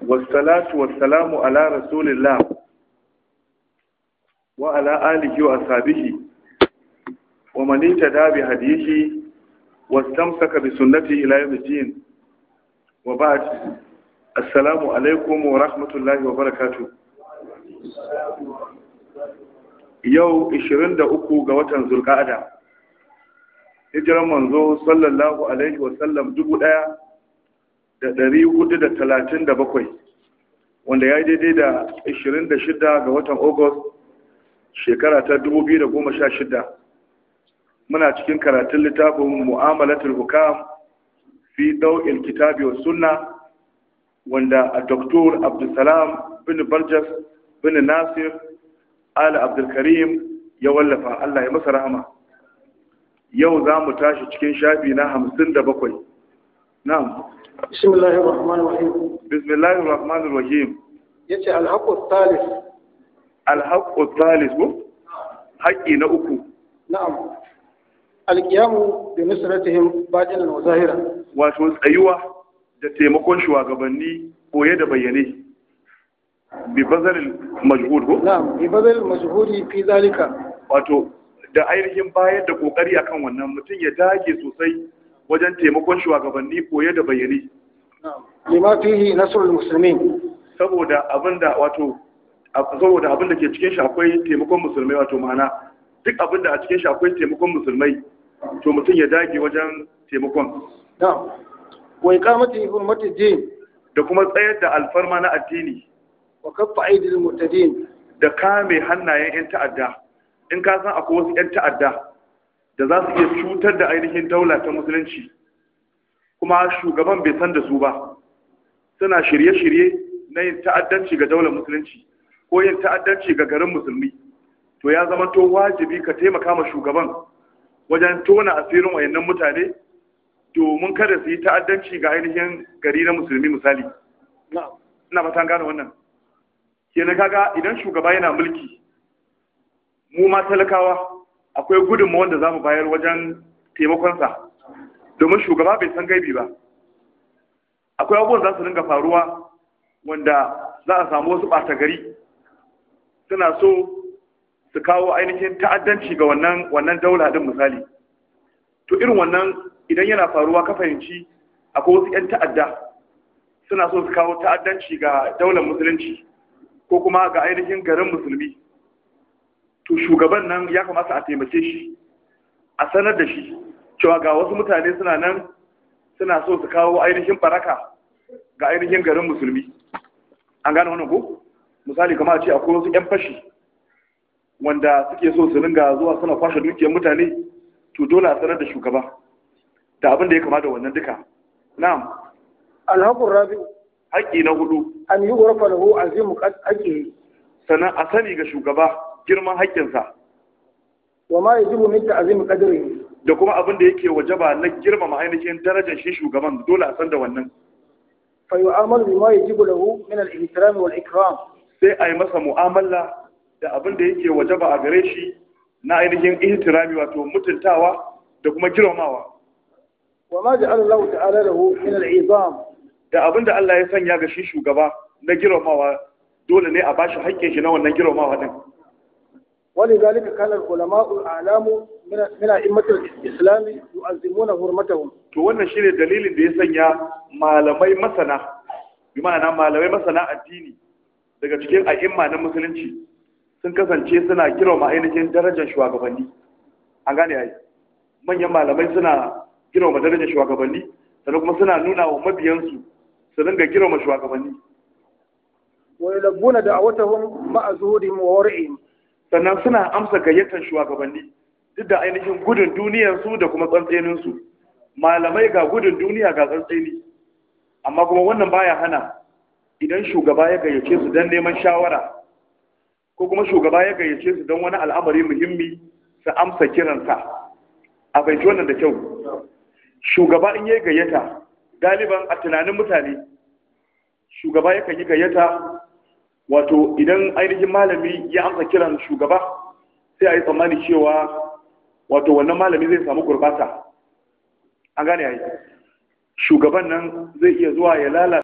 wassalatu wassalamu ala rasulillah wa ala alihi wa ashabihi wa man ittaba bi hadihi wastamsaka bi sunnatihi ila yawm al-din wa ba'd assalamu alaikum wa rahmatullahi wa barakatuh yau 23 ga watan zulqa'ada hijiran manzo sallallahu alaihi wa sallam dubu daya da ɗari hudu da talatin da bakwai wanda ya yi daidai da ashirin da shida ga watan Ogos shekara ta dubu biyu da goma sha shida muna cikin karatun littafin mu'amalatul hukam fi dau'il kitabi wa sunna wanda a doktor abdulsalam bin barjas bin nasir ala abdulkarim ya wallafa allah ya masa rahama yau za mu tashi cikin shafi na hamsin da bakwai na'am bismillahir rahmanir rahim bismillahir rahmanir rahim yace alhaqu thalith alhaqu thalith ko haƙi na uku na'am alqiyamu bi nusratihim batinan wa zahiran wato tsayuwa da taimakon shugabanni koye da bayyane bi bazal na'am bi bazal majhudi fi zalika wato da ainihin bayar da ƙoƙari akan wannan mutum ya dage sosai wajen taimakon shugabanni koye da bayani lima fihi nasrul musulmi. saboda abinda wato saboda abinda ke cikin shi akwai taimakon musulmai wato ma'ana duk abinda a cikin shi akwai taimakon musulmai to mutum ya dage wajen taimakon na'am wa iqamati hurmati din da kuma tsayar da alfarma na addini wa kaffa aidil mu'tadin da kame hannayen yan ta'adda in ka san akwai wasu yan ta'adda da za su iya cutar da ainihin daula ta musulunci kuma shugaban bai san da su ba suna shirye-shirye na yin ta'addanci ga daular musulunci ko yin ta'addanci ga garin musulmi to ya zama to wajibi ka taimaka ma shugaban wajen tona asirin wayannan mutane domin kada su yi ta'addanci ga ainihin gari na musulmi misali ina ba gane wannan kenan kaga idan shugaba yana mulki mu ma talakawa akwai gudunmu wanda za mu bayar wajen taimakonsa domin shugaba bai san gaibi ba akwai abubuwan za su dinga faruwa wanda za a samu wasu ɓata gari suna so su kawo ainihin ta'addanci ga wannan wannan daula din misali to irin wannan idan yana faruwa ka fahimci akwai wasu 'yan ta'adda suna so su kawo ta'addanci ga daular musulunci ko kuma ga ainihin garin musulmi to shugaban nan ya kamata a taimake shi a sanar da shi cewa ga wasu mutane suna nan suna so su kawo ainihin baraka ga ainihin garin musulmi an gane wannan ko misali kamar a ce akwai wasu 'yan fashi wanda suke so su ringa zuwa suna kwashe dukiyar mutane to dole a sanar da shugaba da abin da ya kama da wannan duka na'am alhaqur rabi haƙi na hudu an yi da hu azimu qad haƙi sannan a sani ga shugaba girman haƙƙinsa wa ma yajibu min ta'zim qadri da kuma abin da yake wajaba na girmama ainihin darajar shi shugaban dole a san da wannan fa yu'amalu bima yajibu lahu min al-ihtiram wal ikram sai a yi masa mu'amala da abin da yake wajaba a gare shi na ainihin ihtirami wato mutuntawa da kuma girmamawa wa ma ja'ala Allah ta'ala lahu min al-izam da abin da Allah ya sanya ga shi shugaba na girmamawa dole ne a bashi haƙƙin shi na wannan girmamawa din ولذلك كان العلماء الاعلام من ائمه الاسلام يعظمون حرمتهم to wannan shine dalilin da ya sanya malamai masana bi ma'ana malamai masana addini daga cikin a'imma na musulunci sun kasance suna kira ma ainihin darajar shugabanni an gane ai manyan malamai suna kira ma darajar shugabanni sannan kuma suna nuna wa mabiyansu su dinga kira ma shugabanni wa yalbuna da'awatahum ma'a wa war'ihim sannan suna amsa gayyatar shugabanni duk da ainihin gudun duniyarsu da kuma tsantseninsu malamai ga gudun duniya ga tsantseni amma kuma wannan baya hana idan shugaba ya gayyace su don neman shawara ko kuma shugaba ya gayyace su don wani al'amari muhimmi su amsa kiransa a bai wannan da kyau shugaba in ya gayyata galiban a tunanin mutane shugaba ya yi gayyata wato idan ainihin malami ya amsa kiran shugaba sai a yi tsammani cewa wato wannan malami zai samu gurbata an gane yi shugaban nan zai iya zuwa ya lalata